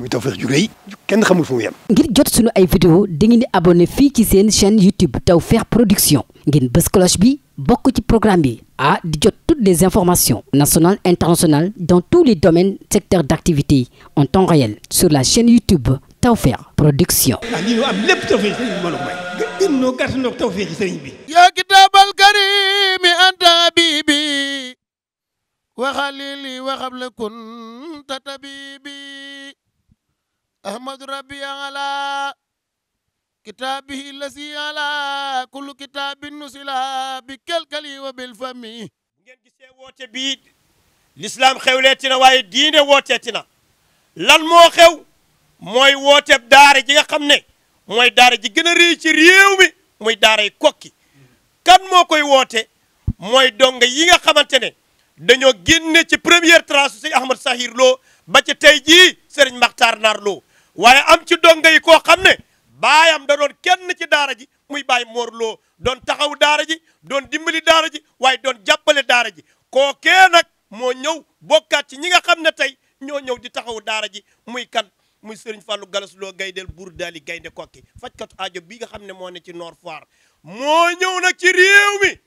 muy Tawfekh ju rëy kenn xamul fu mu yem. ngir jot sunu ay vidéo dangeen di abonné fii ci seen chaîne YouTube Tawfekh Production ngeen bës bi bokk ci programme bi ah di jot toutes les informations nationales internationales dans tous les domaines secteurs d'activité en temps réel sur la chaîne YouTube Tawfekh Production. ah lii ñu am lépp Tawfekh sëriñ bi kitaabal karimi anta habibi wa xalili wa xabla kun tatabibi ahmadu rabbi ala kitaabihi lasi ala kullu kitaabin nusila bi kelkali wa bil fami bu ngeen gisee woote bii lislaam xewleeti na waaye diine wooteeti na lan moo xew mooy woote daara ji nga xam ne mooy daare ji gën a rëy ci réew mi muy daaray kokki kan moo koy woote mooy donga yi nga xamante ne dañoo génne ci première trace Sëñ Ahmad Sahir Lo ba tey jii Serigne Makhtar Naar Lo waaye am ci donga yi koo xam ne baayam da doon kenn ci daara ji muy baay moorloo doon taxaw daara ji doon dimbali daara ji waaye doon jàppale daara ji kookee nag moo ñëw bokkaat ci ñi nga xam ne tey ñoo ñëw di taxaw daara ji muy kan muy sëriñ Fallou Galas Lo gaydel buur daali gaynde kokki fajkatu aajo bi nga xam ne moo ne ci Nord Foire moo ñëw nag ci réew mi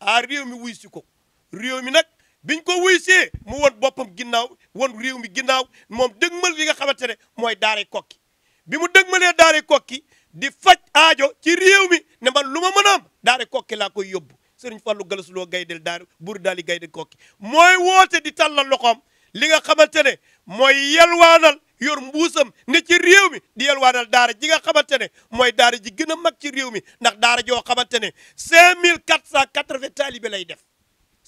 ah réew mi wuy si ko réew mi nag biñ ko wuy mu won boppam ginnaaw won réew mi ginnaaw moom dëgmal li nga xamante ne mooy daaray kokki bi mu dëgmalee daaray kokki di faj aajo ci réew mi ne man lu ma mën a am daaray kokki laa koy yóbbu sëriñ Fallou galasuloo gaydel daar bur daali gaydel kokki mooy woote di tàllal loxoom li nga xamante ne mooy yelwaanal yor mbuusam ne ci réew mi di yelwaanal daara ji nga xamante ne mooy daara ji gën a mag ci réew mi ndax daara joo xamante ne 5480 taalibe lay def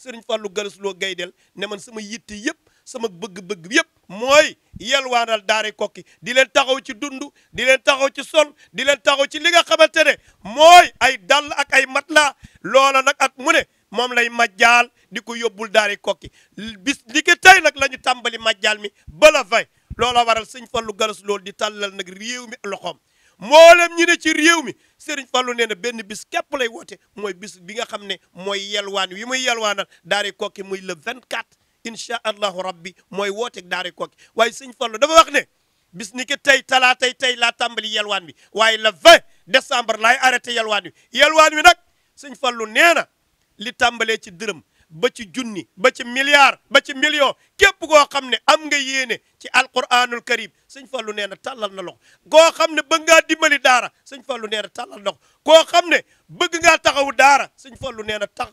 sëriñ Fallou Gallas Lo Gaydel ne man sama yitte yëpp sama bëgg-bëgg yëpp mooy yelwaanal daare kokki di leen taxaw ci dund di leen taxaw ci sol di leen taxaw ci li nga xamante ne mooy ay dàll ak ay matelas loola nag at mu ne moom lay majjaal di ko yóbbul daare kokki bis li ki tey nag la ñu tàmbali majjaal mi bala fay loola waral sëñ Fallou Gallas Lo di tàllal nag réew mi loxoom mboolem ñi ne ci réew mi Serigne Fallou nee na benn bis képp lay woote mooy bis bi nga xam ne mooy yelwaan wi muy yelwaanal daari kokki muy le 24 incha allahu rabbi mooy wooteeg daari kokki waaye Serigne Fallou dafa wax ne bis ni ki tey talaatay tey laa tàmbali yelwaan bi waaye le 20 décembre laay arrêté yelwaan wi yelwaan wi nag Serigne Fallou nee na li tàmbalee ci dërëm ba ci junni ba ci milliar ba ci million képp goo xam ne am nga yéene ci alquranul karim sëñ Fallou nee na tàllal na loxo goo xam ne bëgg ngaa dimbali daara sëñ Fallou nee na tàllal na loxo goo xam ne bëgg ngaa taxawu daara sëñ Fallou nee na tax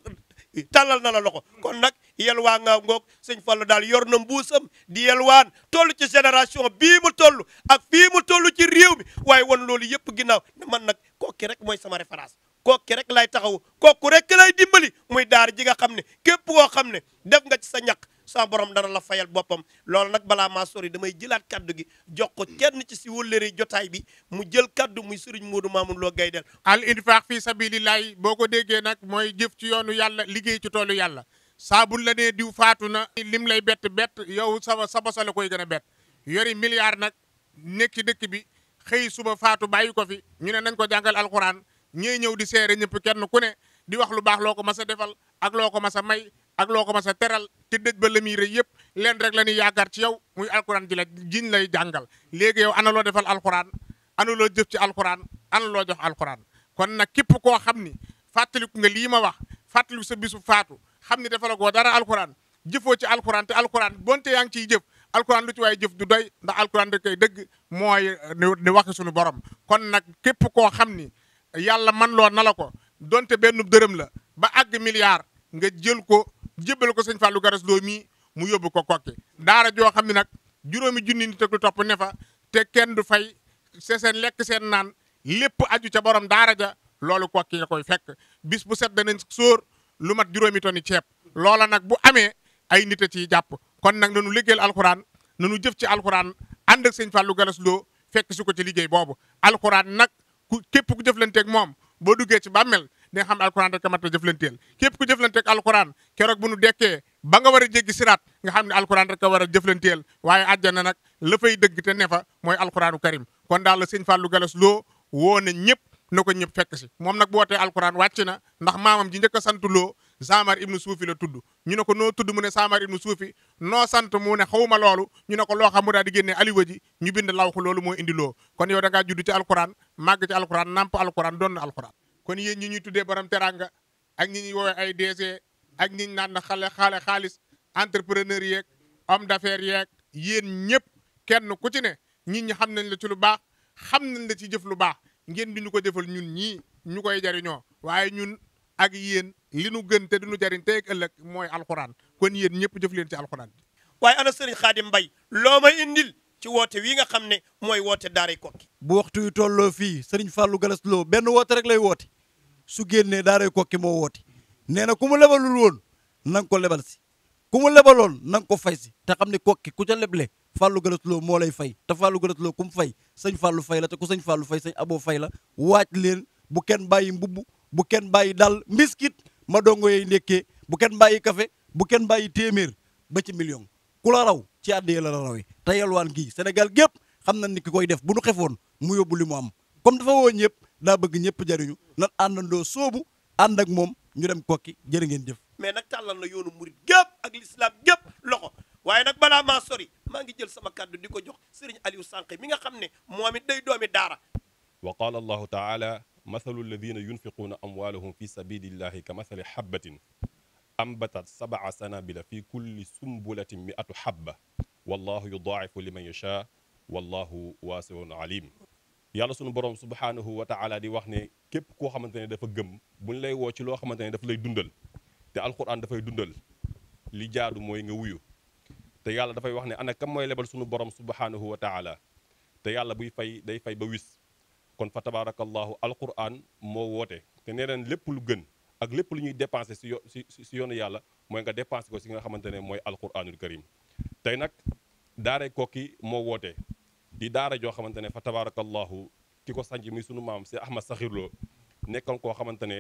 tàllal na la ko kon nag yelwaan nga ngoog sëñ Fallou daal yor na mbuusam di yelwaan toll ci génération bii mu toll ak bii mu toll ci réew mi waaye wan loolu yëpp ginnaaw ne man nag kooki rek mooy sama référence kooku rek lay taxaw kooku rek lay dimbali muy daar ji nga xam ne képp koo xam ne def nga ci sa ñaq sa borom dana la fayal boppam loolu nag balaa maa sori damay jëlaat kaddu gi jox ko kenn ci si wëllëri jotaay bi mu jël kaddu muy sëriñ Modou Mamoun Lo Gaydel al infaq fi sabilillahi boo ko déggee nag mooy jëf ci yoonu yàlla liggéey ci toolu yàlla saabul la nee diw faatu na lim lay bett bett yow sa sa bosa la koy gën a bett yori milliard nag nekki dëkk bi xëy suba faatu bàyyi ko fi ñu ne nañ ko jàngal alxuraan ñooy ñëw di seere ñëpp kenn ku ne di wax lu baax loo ko mas a defal ak loo ko mas a may ak loo ko mas a teral te dëj ba la muy rëy yëpp leen rek la ñuy yaakaar ci yow muy alxuraan ji la jiñ lay jàngal léegi yow ana loo defal alxuraan ana loo jëf ci alxuraan ana loo jox alxuraan kon nag képp koo xam ni fàttaliku nga lii ma wax fàttaliku sa bisu faatu xam ni dafa la goo dara alxuraan jëfoo ci alxuraan ti alxuraan bonte yaa ngi ciy jëf alxuraan lu ci waaye jëf du doy ndax alxuraan da dëgg mooy ni waxi suñu borom kon nag képp koo xam ni yàlla man loo na la ko donte benn dërëm la ba àgg milliard nga jël ko jébbal ko sëñ Fallou Garass Lo mii mu yóbbu ko kokki daara joo xam ne nag juróomi junni nit ak lu topp ne fa te kenn du fay se seen lekk seen naan lépp aju ca borom daara ja loolu kokki nga koy fekk bis bu set danañ soor lu mat juróomi toni ceeb loola nag bu amee ay nit a ciy jàpp kon nag nanu liggéeyal alxuraan nanu jëf ci alxuraan ànd ak sëñ Fallou Garass Lo fekk su ko ci liggéey boobu alxuraan ku képp ku jëflanteeg moom boo duggee ci bàmmel di nga xam alquran rek a mat a jëflanteel képp ku jëflanteeg alquran keroog bu nu dekkee ba nga war a jéggi siraat nga xam ne alquran rek a war a jëflanteel waaye àjjana nag la fay dëgg te ne fa mooy alquranu karim kon daal la sëñ Fallou Gallas loo woo na ñëpp na ko ñëpp fekk moom nag bu wootee alquran wàcc na ndax maamam ji njëkk a sant loo saamar ibnu suufi la tudd ñu ne ko noo tudd mu ne saamar ibnu suufi noo sant mu ne xawma loolu ñu ne ko loo xamu mu daal di génne aliwa ji ñu bind lawxu loolu moo indi loo kon yow da ngaa judd ci alquran màgg ci alquran namp alquran doon na alquran kon yéen ñi ñuy tuddee borom teranga ak ñi ñuy woowee ay DG ak ñi ñu naan na xale xaale xaalis entrepreneur yeeg homme d'affaires yeeg yéen ñëpp kenn ku ci ne nit ñi xam nañ la ci lu baax xam nañ la ci jëf lu baax ngeen di ñu ko jëfal ñun ñii ñu koy jariñoo waaye ñun ak yéen li nu gën te du nu jariñ tey ëllëg mooy alxuraan kon yéen ñëpp jëf leen ci alxuraan bi waaye ana sëriñ Xaadim Mbay loo may indil ci woote wi nga xam ne mooy woote daaray kokki bu waxtu yu tolloo fii sëriñ Fallou Galas loo benn woote rek lay woote su génnee daaray kokki moo woote nee na ku mu lebalul woon na nga ko lebal si ku mu lebaloon na nga ko fay si te xam ne kokki ku ca leble Fallou Galas loo moo lay fay te Fallou Galas Lo ku mu fay sëñ Fallou fay la te ku sëñ Fallou fay sëñ Abo fay la waaj leen bu kenn bàyyi mbubb bu kenn bàyyi daal mbiskit ma dongo yey ndekkee bu kenn bàyyi kafe bu kenn bàyyi téeméer ba ci million ku la raw ci àddee la la rawee te yalwaan gii Sénégal gépp xam na ni ki koy def bu nu xefoon mu yóbbu li mu am comme dafa woo ñëpp daa bëgg ñëpp jariñu nan àndandoo soobu ànd ak moom ñu dem kokki jërë ngeen jëf mais nag tàllal na yoonu murit gépp ak lislaam gépp loxo waaye nag balaa ma sori maa ngi jël sama kàddu di ko jox sëriñ Aliou Sànq mi nga xam ne moom it day doomi daara wa qaala masalu alladina yunfiquuna amwaalahum fi sabilillahi ka masali xabbatin ambatat sabaa sanabila fi kulli sumbulatin miatu xabba wallahu yudaaifu liman yashaa wallahu waasiun alim yàlla sunu borom subhaanahu wa taala di wax ne képp koo xamante ne dafa gëm buñ lay woo ci loo xamante ne dafa lay dundal te alquran dafay dundal li jaadu mooy nga wuyu te yàlla dafay wax ne ana kam mooy lebal sunu borom subhaanahu wa taala te yàlla buy fay day fay ba wis kon fa tabaarakallaahu alquran moo woote te nee neen lépp lu gën ak lépp lu ñuy dépensé si yo si yoonu yàlla mooy nga dépensé ko si nga xamante ne mooy alquranul karim tey nag daara Koki moo woote di daara joo xamante ne fa tabaarakallaahu ki ko sanc mi sunu maam si Ahmad Saxir Lo nekkoon koo xamante ne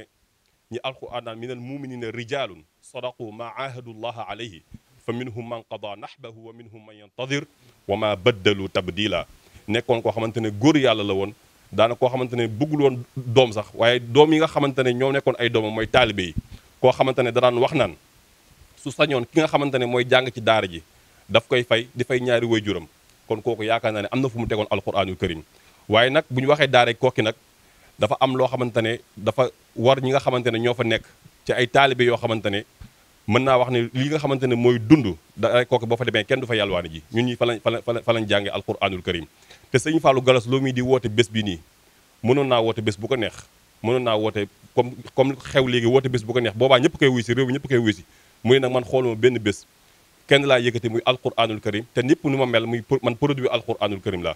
ñi alquran naan minal muminina rijalun sadaqu maa ahadullaha alayhi fa minhum man qada nahbahu wa minhum man yantadir wa ma baddalu tabdila nekkoon koo xamante ne góor yàlla la woon daana koo xamante ne bëggul doom sax waaye doom yi nga xamante ne ñoo nekkoon ay doomam mooy taalibe yi koo xamante ne daraan wax naan su sañoon ki nga xamante ne mooy jàng ci daara ji daf koy fay di fay ñaari waajuram kon kooku yaakaar naa ne am na fu mu tegoon alxuraanul karim waaye nag bu ñu waxee daara kooki nag dafa am loo xamante ne dafa war ñi nga xamante ne ñoo fa nekk ci ay taalibe yoo xamante ne mën naa wax ni li nga xamante mooy dund daara kooki boo fa demee kenn du fa yàlwaani ji ñun ñi fa lañ fa lañ fa lañ jàngee karim te sëñ Fallou Gallas loo muy di woote bés bi nii mënoon naa woote bés bu ko neex mënoon naa woote comme comme xew léegi woote bés bu ko neex boobaa ñëpp koy wuy si réew mi ñëpp koy si mu ne nag man xooluma benn bés kenn laa yëkkati muy alquranul karim te ñëpp nu ma mel muy man produit alquranul karim laa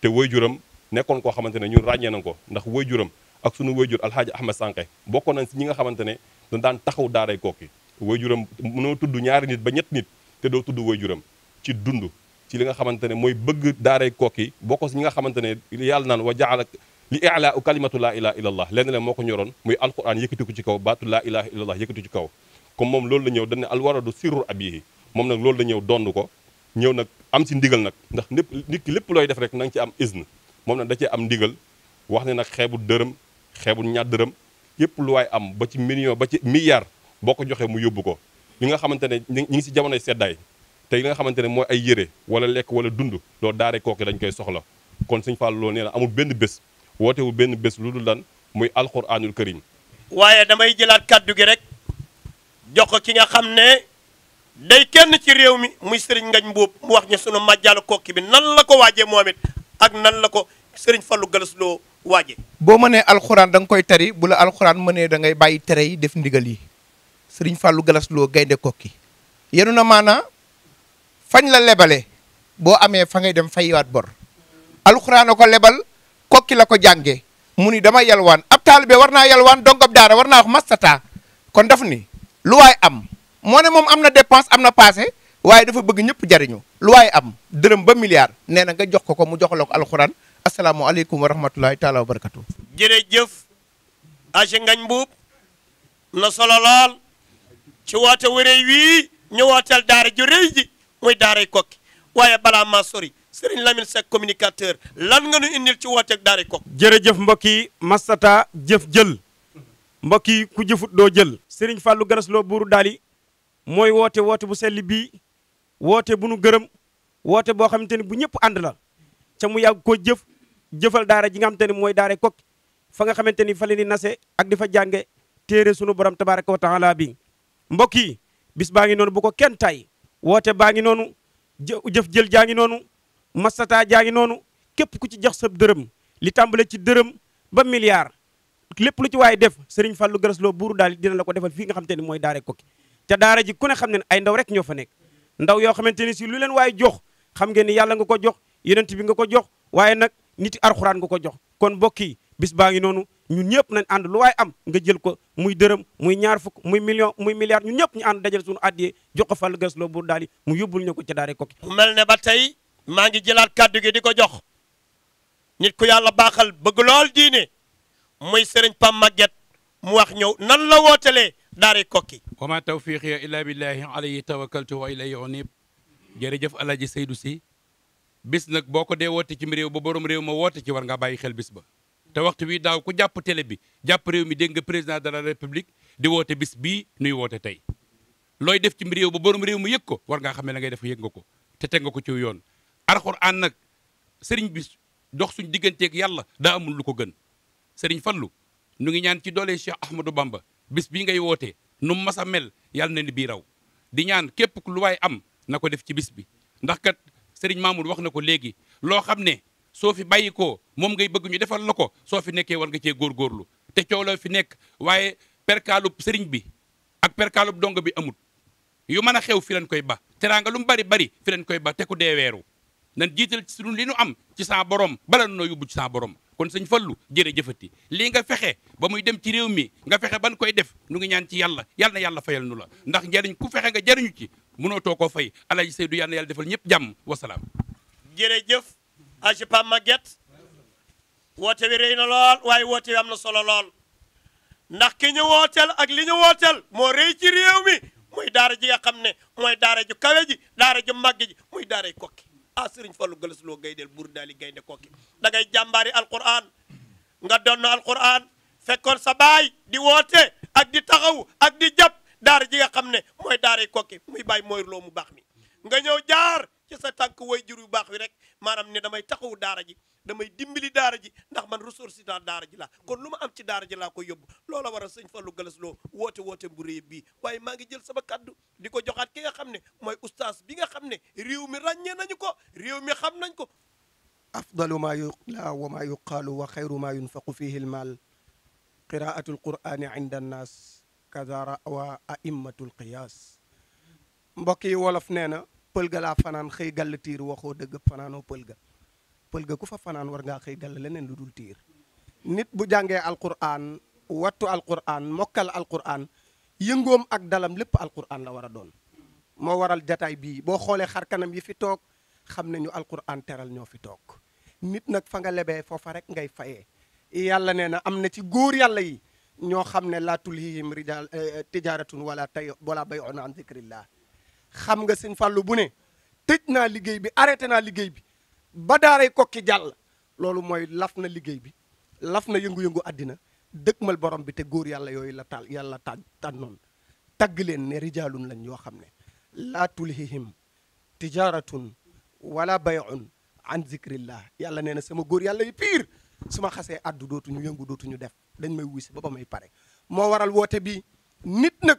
te woy juram nekkoon koo xamante ne ñun ràññee nañ ko ndax woy juram ak sunu woy jur alxaaji ahmed sànqe bokkoon nañ si ñi nga xamante ne dañ daan taxaw daaray kokki woy juram mu noo tudd ñaari nit ba ñett nit te doo tudd woy juram ci dund li nga xamante ne mooy bëgg daaray Koki bokk si ñi nga xamante ne yàlla naan wa jaala li i'laa kalimatu laa ilaha illa allah lenn leen moo ko ñoroon muy alquran yëkkati ko ci kaw baatu laa ilaha illa allah yëkkati ci kaw comme moom loolu la ñëw dañ ne alwaradu sirru abihi moom nag loolu la ñëw donn ko ñëw nag am si ndigal nag ndax lépp nit lépp looy def rek na ci am izn moom nag da cee am ndigal wax ne nag xeebu dërëm xeebu ñaar dërëm yëpp lu waay am ba ci million ba ci milliard boo ko joxee mu yóbbu ko li nga xamante ne ñi ngi si jamonoy seddaay te li nga xamante ne mooy ay yére wala lekk wala dund loolu daare kooki dañ koy soxla kon sëñ Fall loolu nee na amul benn bés wootewul benn bés lu dul lan muy alxuraanul karim waaye damay jëlaat kàddu gi rek jox ko ki nga xam ne day kenn ci réew mi muy sëriñ Ngañ Mbuub mu wax ñu sunu màjjaalu kokki bi nan la ko waajee moom ak nan la ko sëriñ Fallu Galas Lo waaje boo mënee alxuraan da nga koy tari bu la alxuraan mënee da ngay bàyyi tere yi def ndigal yi sëriñ Fallu Galas Lo gaynde kokki fañ la lebale boo amee fa ngay dem fayiwaat bor alxuraan a ko lebal kokki la ko jàngee mu ni dama yalwaan ab taalibe war naa yalwaan dongab daara war naa wax mastata kon daf ni lu waay am moone moom am na dépense am na passé waaye dafa bëgg ñëpp jariñu lu waay am dërëm ba milliard nee na nga jox ko ko mu jox la ko alxuraan asalaamualeykum wa rahmatulahi taala wa barakatu jërëjëf age ngañ buub na solo lool ci woote wërëy wii ñëwaatal daara ju mooy daaray kokki waaye balaa ma sori Serigne Lamine Seck communicateur lan nga nu indil ci wooteeg daaray kokki jërëjëf mbokk yi mastata jëf jël mbokk yi ku jëfut doo jël Serigne Fallou Garas Lo buuru daali mooy woote woote bu selli bii woote bu nu gërëm woote boo xamante ni bu ñëpp ànd la ca mu koo jëf jëfal daara ji nga xamante ni mooy daara kokki fa nga xamante ni fa leen di nase ak di fa jànge téere sunu borom tabaraka wa taala bi mbokk yi bis baa ngi noonu bu kenn tay woote baa ngi noonu jëf jël jaa ngi noonu masata jaa ngi noonu képp ku ci jox sa dërëm li tàmbale ci dërëm ba milliard lépp lu ci waaye def Serigne Fallou Galass Lo buuru daal dina la ko defal fii nga xam te ne mooy daara Koki te daara ji ku ne xam ne ay ndaw rek ñoo fa nekk ndaw yoo xamante ni si lu leen waaye jox xam ngeen ni yàlla nga ko jox yonent bi nga ko jox waaye nag nit arxuraan nga ko jox kon mbokk yi bis baa ngi noonu ñun ñëpp nañ ànd lu waaye am nga jël ko muy dërëm muy ñaar fukk muy million muy milliard ñun ñëpp ñu ànd dajal suñu àddiyee jox ko Fallou Gueye Lo Bour Daly mu yóbbul ñu ko ci daare Koki mel ne ba tey maa ngi jëlaat kàddu gi di ko jox nit ko yàlla baaxal bëgg lool diine muy sëriñ Pam Maguette mu wax ñëw nan la wootelee daare Koki wa ma tawfiqiya illa billahi alayhi tawakkaltu wa ilayhi unib jërëjëf Alaaji Seydou Si bis nag boo ko dee woote ci réew ba borom réew ma woote ci war nga bàyyi xel bis ba te waxtu wi daaw ko jàpp télé bi jàpp réew mi dégg nga président de la république di woote bis bii nuy woote tey looy def ci réew ba borom réew mi yëg ko war ngaa xam ne la ngay def yëg nga ko te teg nga ko ci yoon alxuraan nag sëriñ bi dox suñ digganteeg yàlla daa amul lu ko gën sëriñ fallu nu ngi ñaan ci doole Cheikh Ahmadou Bamba bis bii ngay woote nu mas a mel yàlla na ni bii raw di ñaan képp lu waay am na ko def ci bis bi ndax kat sëriñ Mamour wax na ko léegi loo xam ne soo fi bàyyi ko moom ngay bëgg ñu defal la ko soo fi nekkee war nga cee góorgóorlu te la fi nekk waaye perkaalub sëriñ bi ak perkaalub dong bi amut yu mën a xew fi lañ koy ba teraanga lu mu bari bari fi koy ba te ku dee weeru nan jiital ci sunu li nu am ci saa borom bala noo yóbbu ci saa borom kon sëñ jëre jërëjëfati lii nga fexe ba muy dem ci réew mi nga fexe ban koy def nu ngi ñaan ci yàlla yàlla yàlla fayal nu la ndax njariñ ku fexe nga jariñu ci mënoo koo fay alaaji Seydou yàlla yàlla defal ñëpp jàmm wasalaam aji pam Maguette woote wi rëy na lool waaye woote wi am na solo lool ndax ki ñu wooteel ak li ñu wooteel moo rëy ci réew mi muy daara ji nga xam ne mooy daara ju kawe ji daara ju màgg ji muy daaray kokki ah sëriñ Fallu gëlës loo gay del buur daali gaynde kokki da ngay jàmbaari alquran nga donn alquran fekkoon sa baay di woote ak di taxaw ak di jàpp daara ji nga xam ne mooy daaray kokki muy baay mooy loo mu baax mi nga ñëw jaar ci sa tànk way jur yu baax wi rek maanaam ne damay taxawu daara ji damay dimbali daara ji ndax man ressource dans daara ji la kon lu ma am ci daara ji laa koy yóbbu loola war a sëñ galas loo woote woote bu réy bii waaye maa ngi jël sama kaddu di ko joxaat ki nga xam ne mooy ustaas bi nga xam ne réew mi ràññee nañu ko réew mi xam nañ ko afdalu maa yuqla wa maa yuqaalu wa xayru maa yunfaqu fihi almaal qiraatu alqurani inda annaas kada rawa a'immatu alqiyaas mbokk yi wolof nee na pël ga laa fanaan xëy gàll tiir waxoo dëgg fanaanoo pël ga pël ga ku fa fanaan war ngaa xëy gàll leneen lu dul tiir nit bu jàngee alquran wattu alquran mokkal alquran yëngoom ak dalam lépp alquran la war a doon moo waral jataay bii boo xoolee xar kanam yi fi toog xam nañu alquran teral ñoo fi toog nit nag fa nga lebee foofa rek ngay fayee yàlla nee na am na ci góor yàlla yi ñoo xam ne laa tulhihim rijal eh, eh, tijaratun wala tay wala bay'un an zikrillah xam nga sëñ Fallou bu ne tëj naa liggéey bi arrêté naa liggéey bi ba daaray kokki jàll loolu mooy laf na liggéey bi laf na yëngu-yëngu àddina dëgmal borom bi te góor yàlla yooyu la tal yàlla tàn tànnoon tagg leen ne rijaalun lañ yoo xam ne laa tulhihim tijaratun wala bayun an zikrillah yàlla nee na sama góor yàlla yi piir su ma xasee addu dootuñu yëngu dootuñu def dañ may wuy si ba ba may pare moo waral woote bi nit nag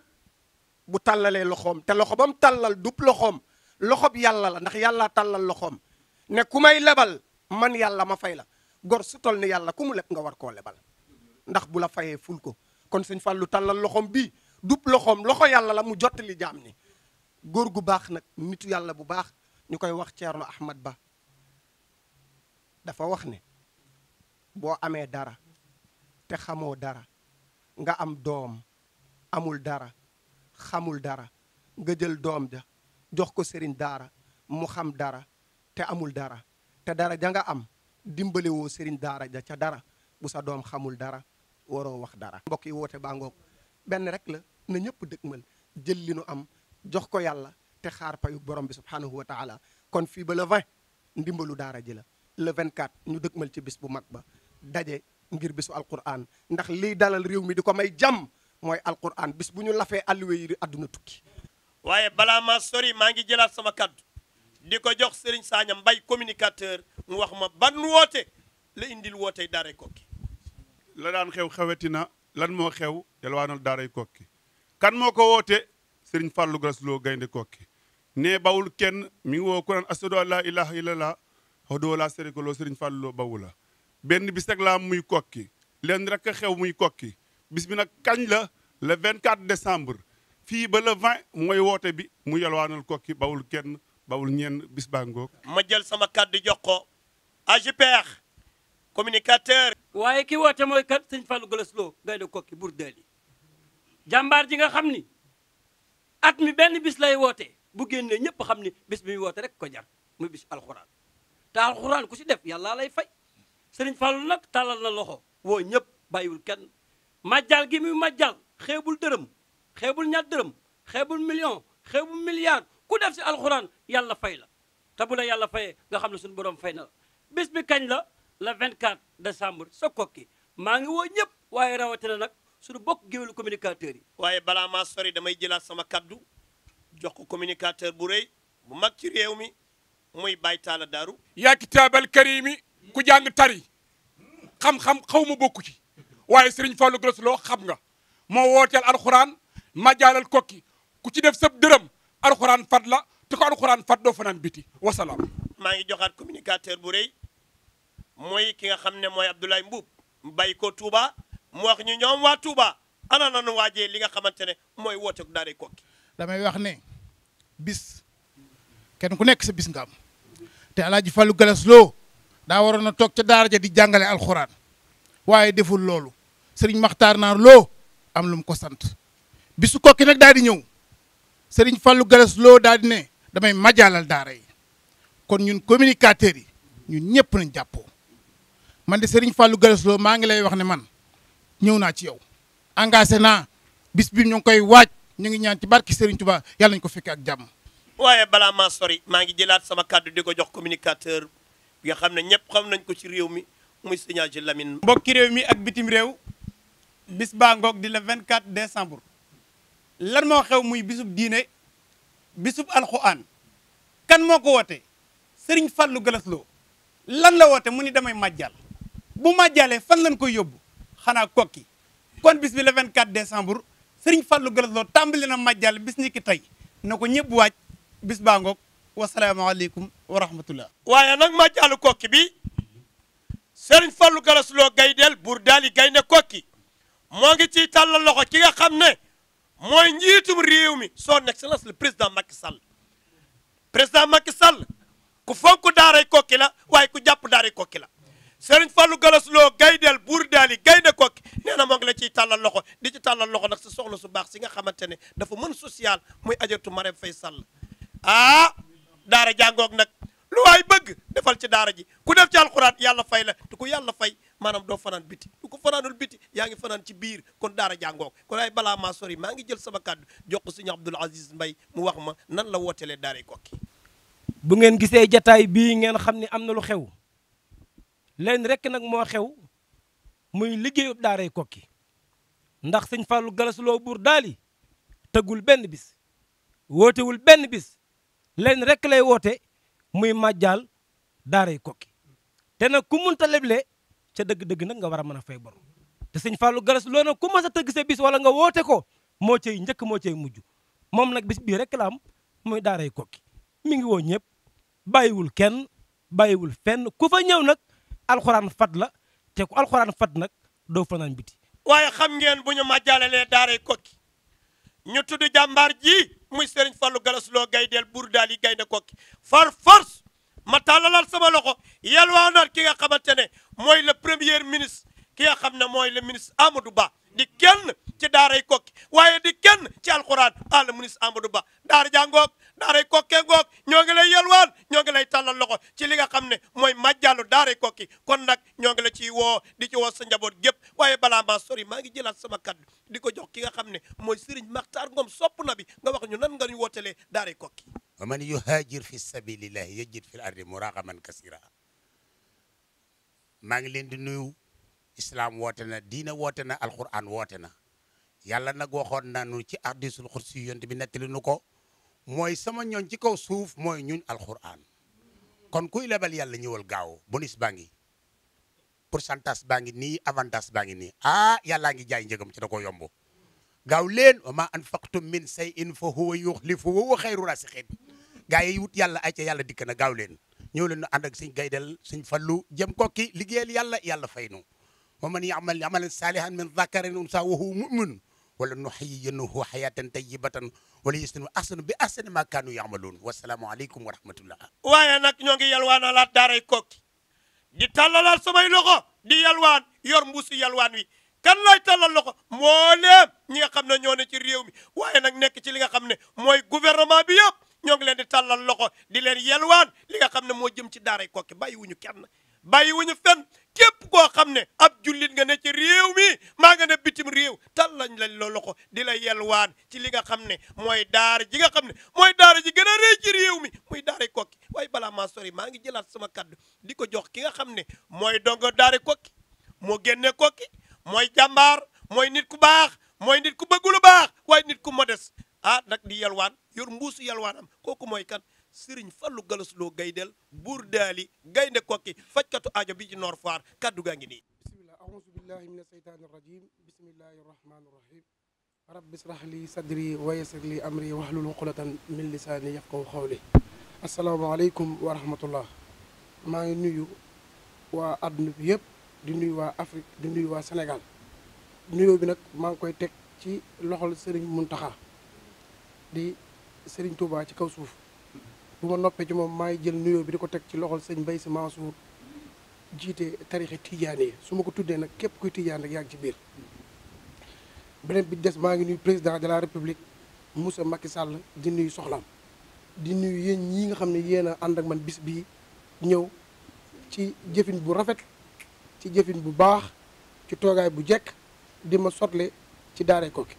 bu tàllalee loxoom te loxo bam tàllal dub loxoom loxob yàlla la ndax yàllaa tàllal loxoom ne ku may lebal man yàlla ma fay la gor su tol ne yàlla ku mu leb nga war koo lebal ndax bu la fayee ful ko kon sëñ Fallu tàllal loxoom bii dub loxoom loxo yàlla la mu jottali jaam ni góor gu baax nag nitu yàlla bu baax ñu koy wax ceer Ceerno Ahmad Ba dafa wax ne boo amee dara te xamoo dara nga am doom amul dara xamul dara nga jël doom ja jox ko sëriñ daara mu xam dara te amul dara te dara ja nga am dimbalewoo sëriñ daara ja ca dara bu sa doom xamul dara waroo wax dara mbokk yi woote baa ngoog benn rek la na ñëpp dëgmal jël li nu am jox ko yàlla te xaar payu borom bi subhaanahu wa taala kon fii ba la 20 ndimbalu daara ji la le 24 ñu dëgmal ci bis bu mag ba daje ngir bisu alquran ndax liy dalal réew mi di ko may jàmm mooy alquran bis bu ñu lafee alluwe yi àdduna tukki waaye balaa maa sori maa ngi jëlaat sama kàddu di ko jox Serigne saaña mbay communicateur mu wax ma ban woote la indil wootey daaray kokki la daan xew xeweti na lan moo xew yalwaanal daaray kokki kan moo ko woote Serigne Fallou Garas Lo gaynde kokki ne bawul kenn mi ngi woo ku naan asadu an laa ilaha illallah xodoo la sërikaloo Serigne Fallou Lo bawu la benn bis rek laa muy kokki len rek a xew muy kokki bis bi nag kañ la le 24 décembre fii ba le 20 mooy woote bi mu yalwaanal kokki bawul kenn bawul ñenn bis baa ngoog ma jël sama kàddu jox ko AJPR communicateur waaye ki woote mooy kat sëñ Fallou Galass loo gaynde kokki bur deeli jàmbaar ji nga xam ni at mi benn bis lay woote bu génnee ñëpp xam ni bis bi muy woote rek ko jar muy bis alxuraan te alxuraan ku si def yàlla lay fay sëriñ Fallou nag talal na loxo woo ñëpp bàyyiwul kenn majjal gi muy majjal xeebul dërëm xeebul ñaar dërëm xeebul million xeebul milliard ku def si alxuraan yàlla fay la te bu yàlla fayee nga xam ne suñu borom fay na la bis bi kañ la le 24 décembre sa kokki maa ngi woo ñëpp waaye rawatina nag sunu bokk géwélu communicateurs yi waaye balaa maa sori damay jëlaat sama kaddu jox ko communicateur bu rey bu mag ci réew mi muy Baye Talla Daaru yaa kitaabal karimi ku jàng tari xam-xam xaw ma bokku ci waaye Serigne Fallou Gros Lo xam nga moo wooteel alxuraan majaalal kokki ku ci def sëb dërëm alxuraan fat la te ko alxuraan fat doo fanaan biti wasalaam. maa ngi joxaat communicateur bu rëy mooy ki nga xam ne mooy Abdoulaye Mbuub mu ko tuuba mu wax ñu ñoom waa Touba ana nanu waajee li nga xamante ne mooy wooteeku daaray kokki. damay wax ne bis kenn ku nekk sa bis nga am te El Hadj Fallou Gros Lo daa waroon a toog ca daara ja di jàngale alxuraan. waaye deful loolu sëriñ maxtaar naar loo am lu mu ko sant bisu kokki nag daal di ñëw sëriñ fàllu gales loo daal di ne damay majaalal daara yi kon ñun communicateurs yi ñun ñëpp nañ jàppoo man de sëriñ fàllu galas loo maa ngi lay wax ne man ñëw naa ci yow engagé naa bis bi ñu ngi koy waaj ñu ngi ñaan ci barki sëriñ tubaa yàlla ñu ko fekkee ak jàmm waaye balaa maa sori maa ngi jëlaat sama kàddu di ko jox communicateur bi nga xam ne ñëpp xam nañ ko ci réew mi muy Serigne Hadji Lamine mbokki réew mi ak bitim réew bis baa ngoog di le 24 décembre lan moo xew muy bisub diine bisub alxuraan kan moo ko woote Serigne Fallou Gallas Lo lan la woote mu ni damay màjjal bu màjjalee fan lañ koy yóbbu xanaa kokki kon bis bi le 24 décembre Serigne Fallou Gallas Lo tàmbali na màjjal bis ni tey na ko ñëpp waaj bis baa ngoog wasalaamaaleykum wa waaye nag màjjalu kokki bi Serigne Fallou Galass Lo Gaydel Bour daali Gaynde Kokki moo ngi ciy tàllal loxo ki nga xam ne mooy njiitum réew mi son excellence le président Macky Sall président Macky Sall ku fonk daaray kokki la waaye ku jàpp daaray kokki la Serigne Fallou Galass Lo Gaydel Bour Dali Gaynde Kokki nee na moo ngi la ciy tàllal loxo di ci tàllal loxo nag sa soxla su baax si nga xamante ne dafa mën social muy ajartu Marème fay Sall ah daara jàngoog nag lu waay bëgg defal ci daara ji ku def ci alxuraan yàlla fay la te ku yàlla fay maanaam doo fanaan biti du ko fanaanul biti yaa ngi fanaan ci biir kon daara jàngoog kon ay balaa maa sori maa ngi jël sama kàddu jox ko suñu Abdoul Aziz Mbaye mu wax ma nan la wootelee daara Koki bu ngeen gisee jataay bii ngeen xam ne am na lu xew leen rek nag moo xew muy daara daaray Koki ndax sëñ Fallou Galass Lo buur daali tëggul benn bis wootewul benn bis leen rek lay woote muy màjjaal daaray kokki te nag ku munta leble ca dëgg-dëgg nag nga war a mën a fay bor te sëñ Fallou Galass loo nag ku mas a tëgg sa bis wala nga woote ko moo cay njëkk moo cay mujj moom nag bis bii rek la am muy daaray kokki mu ngi woo ñëpp bàyyiwul kenn bàyyiwul fenn ku fa ñëw nag alxuraan fat la te ku alxuraan fat nag doo fanaan biti waaye xam ngeen bu ñu màjjaalalee daaray kokki ñu tudd jàmbaar ji muy Serigne Fallou Galas Lo gaydeel buur daal yi gaynde kokki far force ma tàllalal sama loxo yalwaanaat ki nga xamante ne mooy le premier ministre ki nga xam ne mooy le ministre Amadou Ba di kenn ci daaray kokki waaye di kenn ci alxuraan ah le ministre Amadou Ba daara jàngoog daaray kokkee ngoog ñoo ngi lay yelwaan ñoo ngi lay tàllal loxo ci li nga xam ne mooy màjjaalu daaray kokki kon nag ñoo ngi la ciy woo di ci woo sa njaboot gépp waaye balaa maa sori maa ngi jëlaat sama kaddu di ko jox ki nga xam ne mooy Serigne Makhtar Ngom sopp na bi nga ñu nan nga ñu wootelee daaray kokki wa man yuhaajir fi sabilillahi yajid fil ardi muraqaman kasira maa ngi leen di nuyu islaam woote na diina woote na alquran woote na yàlla nag waxoon nañu ci hadiisul si yonent bi nettali nu ko mooy sama ñooñ ci kaw suuf mooy ñuñ alquran kon kuy lebal yàlla ñëwal gaaw bonus baa ngi santas baa ngi nii avantage baa ngi nii ah yàllaa ngi jaay njëgam ci da ko yomb gaaw leen wa ma anfaqtum min shay'in fa huwa yukhlifu wa huwa khayru raasixiin gaa yi wut yàlla ay ca yàlla dikk na gaaw leen ñëw leen nu ànd ak suñ gaydel suñ fallu jëm kokki liggéeyal yàlla yàlla fay nu wa man yamal amalan salihan min dhakarin unsa wa huwa mu'min wala nuhyiyannahu hayatan tayyibatan wala yasnu ahsanu bi ahsani ma kanu ya'malun wasalaamu aleykum wa rahmatullah waaye nag ñoo ngi yalwaanalaat daaray kokki di tàllalaat samay loxo di yalwaan yor mbuusu yalwaan wi kan lay tàllal loxo moo ñi nga xam ne ñoo ne ci réew mi waaye nag nekk ci li nga xam ne mooy gouvernement bi yëpp ñoo ngi leen di tàllal loxo di leen yelwaan li nga xam ne moo jëm ci daaray kokki bàyyi wuñu kenn bàyyi wuñu fenn képp koo xam ne ab julit nga ne ci réew mi maa nga ne bitim réew tal lañ lañ la loxo di la yelwaan ci li nga xam ne mooy daar ji nga xam ne mooy daar ji gën a rëy ci réew mi muy daara kokki waaye balaa maa sori maa ngi jëlaat sama kaddu di ko jox ki nga xam ne mooy dongo daara kokki moo génne kokki mooy jàmbaar mooy nit ku baax mooy nit ku bëgg lu baax waaye nit ku modeste ah nag di yelwaan yor mbuusu yelwaanam kooku mooy kan sëriñ Fallou Galass Lo buur daali gaynde kokki fajkatu aajo bi ci Nord Foire kaddu gaa ngi nii bismillah a'uuzu billahi mina sheytaani rajim bismillahi rahmaani rahim rabbi israh li sadri wa yassir li amri wahlul uqdatan min lisaani yafqahu qawli asalaamaaleykum wa rahmatullah maa ngi nuyu waa àdduna bi yëpp di nuyu waa Afrique di nuyu waa senegal nuyoo bi nag maa ngi koy teg ci loxol Serigne Mountakha di Serigne Touba ci kaw suuf bu ma noppee ci moom maa ngi jël nuyoo bi di ko teg ci loxol sañ Mbaye Sy Mansour jiite tarixe tijaan yi su ma ko tuddee nag képp kuy tijaan rek yaa ngi ci biir beneen bi des maa ngi nuy président de la république Moussa Macky sàll di nuyu soxlam di nuyu yéen ñii nga xam ne yéen a ànd ak man bis bii ñëw ci jëfin bu rafet ci jëfin bu baax ci toogaay bu jekk di ma sotle ci daaray kokki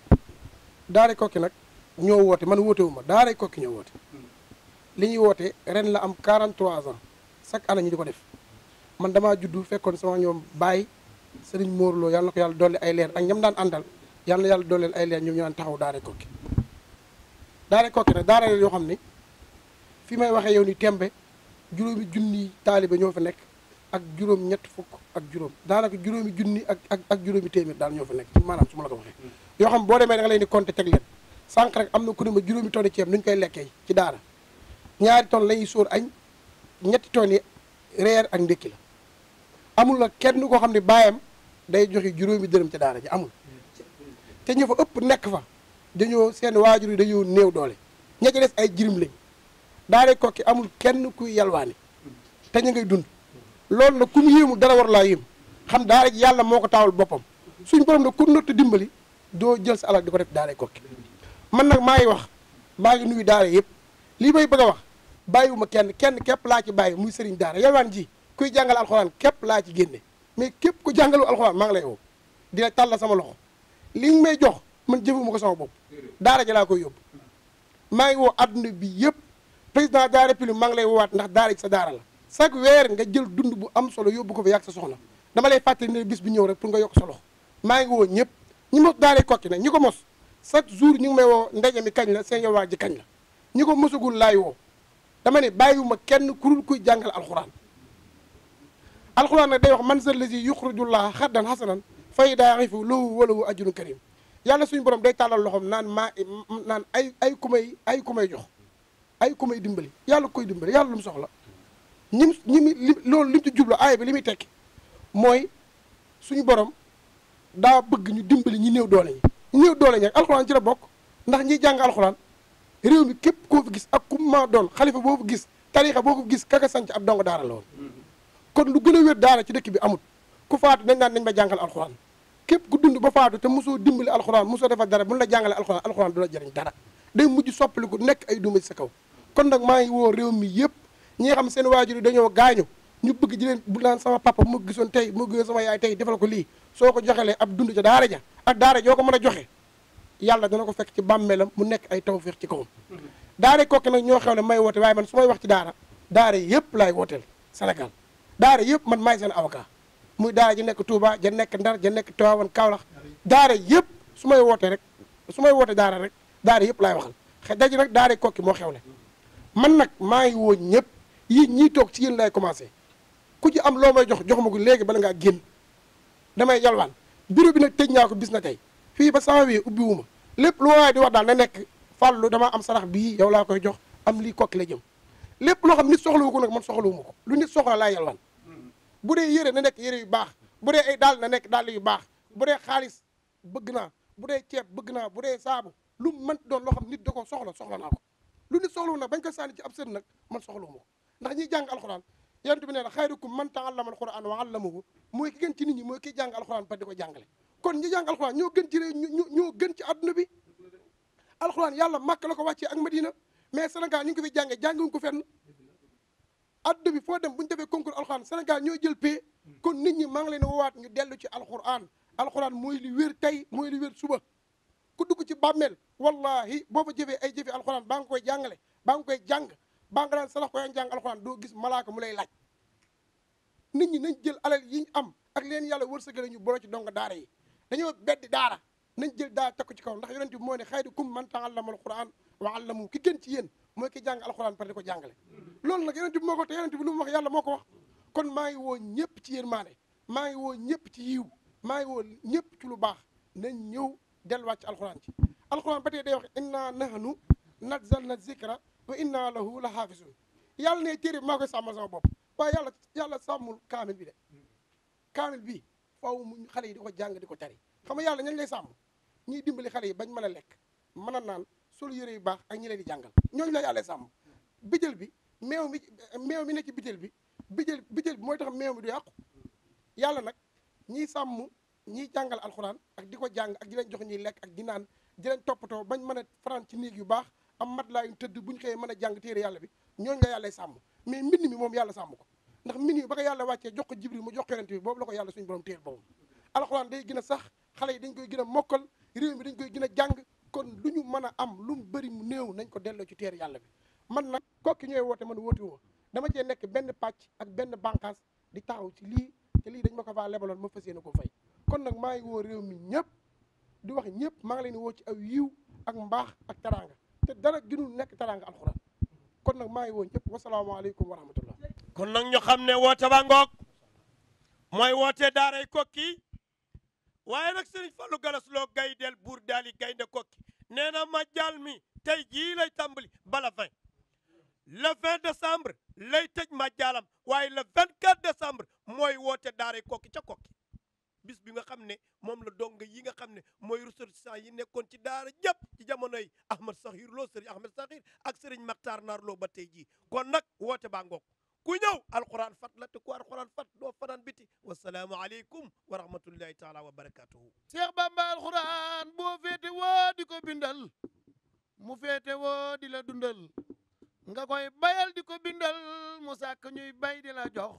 daaray kokki nag ñoo woote man woote wu ma daaray kokki ñoo woote li ñuy woote ren la am 43 ans chaque année ñu di ko def man damaa juddu fekkoon sama ñoom bàyyi sëriñ Mor Lo yàlla na ko yàlla dolli ay leer ak ñam daan àndal yàlla na yàlla dooleel ay leer ñoom ñu daan taxaw daare kokki daare kokki nag daara yoo xam ne fi may waxee yow ni tembe juróomi junni taaliba ñoo fa nekk ak juróom ñett fukk ak juróom daanaka juróomi junni ak ak ak juróomi téeméer daal ñoo fa nekk ci maanaam su ma la ko waxee yoo xam boo demee da nga leen di compter teg leen na ku ne ma ceeb nu ñu koy lekkee ci daara ñaari ton lañuy sóor añ ñetti ton yi reer ak ndékki la amul la kenn koo xam ne baayam day joxe juróomi dërëm ca daara ji amul te ñu fa ëpp nekk fa dañoo seen waajur yi dañoo néew doole ña ca des ay jirim lañ daara kokki amul kenn kuy yalwaani te ñu ngay dund loolu nag ku mu yéemul dara war laa yéem xam daara ji yàlla moo ko taawal boppam suñ borom nag ku notti dimbali doo jël sa alal di ko def daara kokki man nag maa ngi wax maa ngi nuyu daara yëpp lii may bëgg a wax bàyyiwuma kenn kenn képp laa ci bàyyi muy sëriñ daara yalwaan ji kuy jàngal alxuraan képp laa ci génne mais képp ku jàngalu alxuraan maa ngi lay woo di la tàllal sama loxo li ñu may jox man jëfuma ko sama bopp daara ji laa koy yóbbu maa ngi woo adduna bi yëpp président de la république maa ngi lay woowaat ndax daara ji sa daara la chaque weer nga jël dund bu am solo yóbbu ko fa yàgg sa soxna dama lay fàttali ne bis bi ñëw rek pour nga yokk sa loxo maa ngi woo ñëpp ñi mos daaree kokki nag ñi ko mos chaque jour ñu may woo ndaje mi kañ la seen yowaa ji kañ ñi ko mosagul laay woo dama ne bàyyiwuma kenn kurul kuy jàngal alxuraan alxuraan nag day wax man zal lazi yuxrijullaha xaddan xasanan fa yudaaxifu lahu wa lahu ajrun karim yàlla suñu borom day tàllal loxoom naan maa naan ay ay ku may ay ay ku dimbali yàlla koy dimbali yàlla lu mu soxla ñim ñimi li loolu bi li muy tekki mooy suñu borom daa bëgg ñu dimbali ñi néew doole ñi néew doole ñi alxuraan ci la bokk ndax ñiy jàng alxuraan réew mi képp koo fi gis ak ku ma doon xalifa boo fi gis tarixa boo fi gis kaka sanc ab dongo daara mm-hmm. kon lu gën a wér daara ci dëkk bi amut ku faatu dañ naan nañ ma jàngal alxuraan képp ku dund ba faatu te mosoo dimbali alxuraan mosoo defal dara buñ la jàngale alxuraan alxuraan du la jëriñ dara day mujj soppaliku nekk ay duuma sa kaw kon nag maa ngi woo réew mi yëpp ñi seen waajur dañoo gaañu ñu bëgg ji leen bu naan sama papa mu gisoon tey mu gisoon yaay tey defal ko lii soo joxelee ab dund ca daara ja ak daara joo ko mën a joxe yàlla dana ko fekk ci bàmmeelam mu nekk ay tawféex ci kawam daara Koki nag ñoo xew ne may woote waaye man su may wax ci daara daara yëpp laay wooteel senegal daara yëpp man maay seen avocat muy daara ji nekk Touba ja nekk Ndar ja nekk Tivaouane Kaolack daara yëpp su may wootee rek su may wootee daara rek daara yëpp laay waxal daj rek nag daara Koki moo xew ne man nag maa ngi wooñ ñëpp yi ñii toog ci yéen lay commencé ku ci am loo may jox jox ma ko léegi bala ngaa génn damay yalwaan bureau bi nag tëj naa ko bis na tey fii ba sama wii ubbi wuma lépp lu waaye di wax daal na nekk fàllu damaa am sarax bii yow laa koy jox am lii kokki la jëm lépp loo xam nit soxlawu ko nag man soxlawuma ko lu nit soxla laa bu dee yére na nekk yére yu baax bu dee ay daal na nekk daal yu baax bu xaalis bëgg naa bu dee ceeb bëgg naa bu dee saabu lu mën doon loo xam nit da ko soxla soxla naa lu nit soxlawu nag bañ ko sànni ci ab sën nag man soxlawuma ko ndax ñiy jàng alxuraan yonent bi nee na xayrukum man ta'allama alxuraan wa allamahu mooy ki gën ci nit ñi mooy ki jàng alxuraan ba di ko jàngale kon ñi jàng alxuraan ñoo gën ci réew ñoo gën ci àdduna bi alxuraan yàlla màkk la ko wàccee ak madina mais Sénégal ñu ngi ko fi jàngee jànguñ ko fenn àdduna bi foo dem bu ñu defee concours alxuraan Sénégal ñoo jël pay kon nit ñi maa ngi leen woowaat ñu dellu ci alxuraan alxuraan mooy li wér tey mooy li wér suba ku dugg ci bàmmeel wallahi boo fa jëfee ay jëfee alxuraan baa nga koy jàngale baa nga koy jàng baa nga daan salax ko yaa jàng alxuraan doo gis malaaka mu lay laaj nit ñi nañ jël alal yi ñu am ak leen yàlla wërsëgale ñu boole ci dong daara yi dañoo beddi daara nañ jël daara takku ci kaw ndax yonent bi moo ne xayrukum man ta'allama alquran wa 'allamahu ki gën ci yéen mooy ki jàng alquran par di ko jàngale loolu nag yonent bi moo ko te yonent bi lu mu wax yàlla moo ko wax kon maa ngi woo ñëpp ci yërmaande maa ngi woo ñëpp ci yiw maa ngi woo ñëpp ci lu baax nañ ñëw delluwaat ci alquran ci alquran ba tey day wax inna nahnu nazzalna zikra wa inna lahu la xaafisun yàlla ne téere bi maa koy sàmmal sama bopp waaye yàlla yàlla sàmmul kaamil bi de kaamil bi faw mu xale yi di ko jàng di ko tari xam nga yàlla ñañ lay sàmm ñuy dimbali xale yi bañ mën a lekk mën a naan sol yére yu baax ak ñi leen di jàngal ñooñu la yàlla sàmm bijël bi meew mi meew mi nekk ci bijël bi bijël bijël bi mooy tax meew mi yàqu yàlla nag ñiy sàmm ñiy jàngal alxuraan ak di ko jàng ak di lañ jox ñuy lekk ak di naan di leen toppatoo bañ mën a faran ci néeg yu baax am mat laa yu tëdd bu ñu xëyee mën a jàng téere yàlla bi ñooñ la yàlla sàmm mais mbind mi moom yàlla sàmm ko ndax minuit ba ko yàlla wàccee jox ko jibril mu jox yonent bi boobu la ko yàlla suñu borom téel boobu alxuraan day gën a sax xale yi dañ koy gën a mokkal réew mi dañ koy gën a jàng kon lu ñu mën a am lu mu bëri mu néew nañ ko delloo ci teer yàlla bi man nag kokki ñooy woote man woote woo dama cee nekk benn pàcc ak benn bànqaas di taxaw ci lii te lii dañ ma ko faa lebaloon ma fas yéene ko fay kon nag maa ngi woo réew mi ñëpp di wax ñëpp maa ngi leen woo ci aw yiw ak mbaax ak taraanga te dara gënul nekk taraanga alxuraan kon nag maa ngi woo ñëpp wasalaamaaleykum wa rahmatullah kon nag ñu xam ne woote ba ngoog mooy woote daaray kokki waaye nag sëriñ Fallou Galas Lo gaydel buur daali gaynde kokki nee na ma mi tey jii lay tàmbali bala fin le 20 décembre lay tëj ma jaalam waaye le 24 décembre mooy woote daaray kokki ca kokki bis bi nga xam ne moom la dong yi nga xam ne mooy ressortissants yi nekkoon ci daara jëpp ci jamonoy Ahmed Sakhir Lo sëriñ Ahmed Sakhir ak sëriñ Makhtar Naar Lo ba tey jii kon nag woote baa ku ñëw alquran fat la te ku alquran fat doo fanaan biti wasalaamu aleykum wa taala wa barakatuhu Cheikh Bamba alquran boo féete woo di bindal mu féete woo di la dundal nga koy bayal di bindal mu sàkk ñuy bay di la jox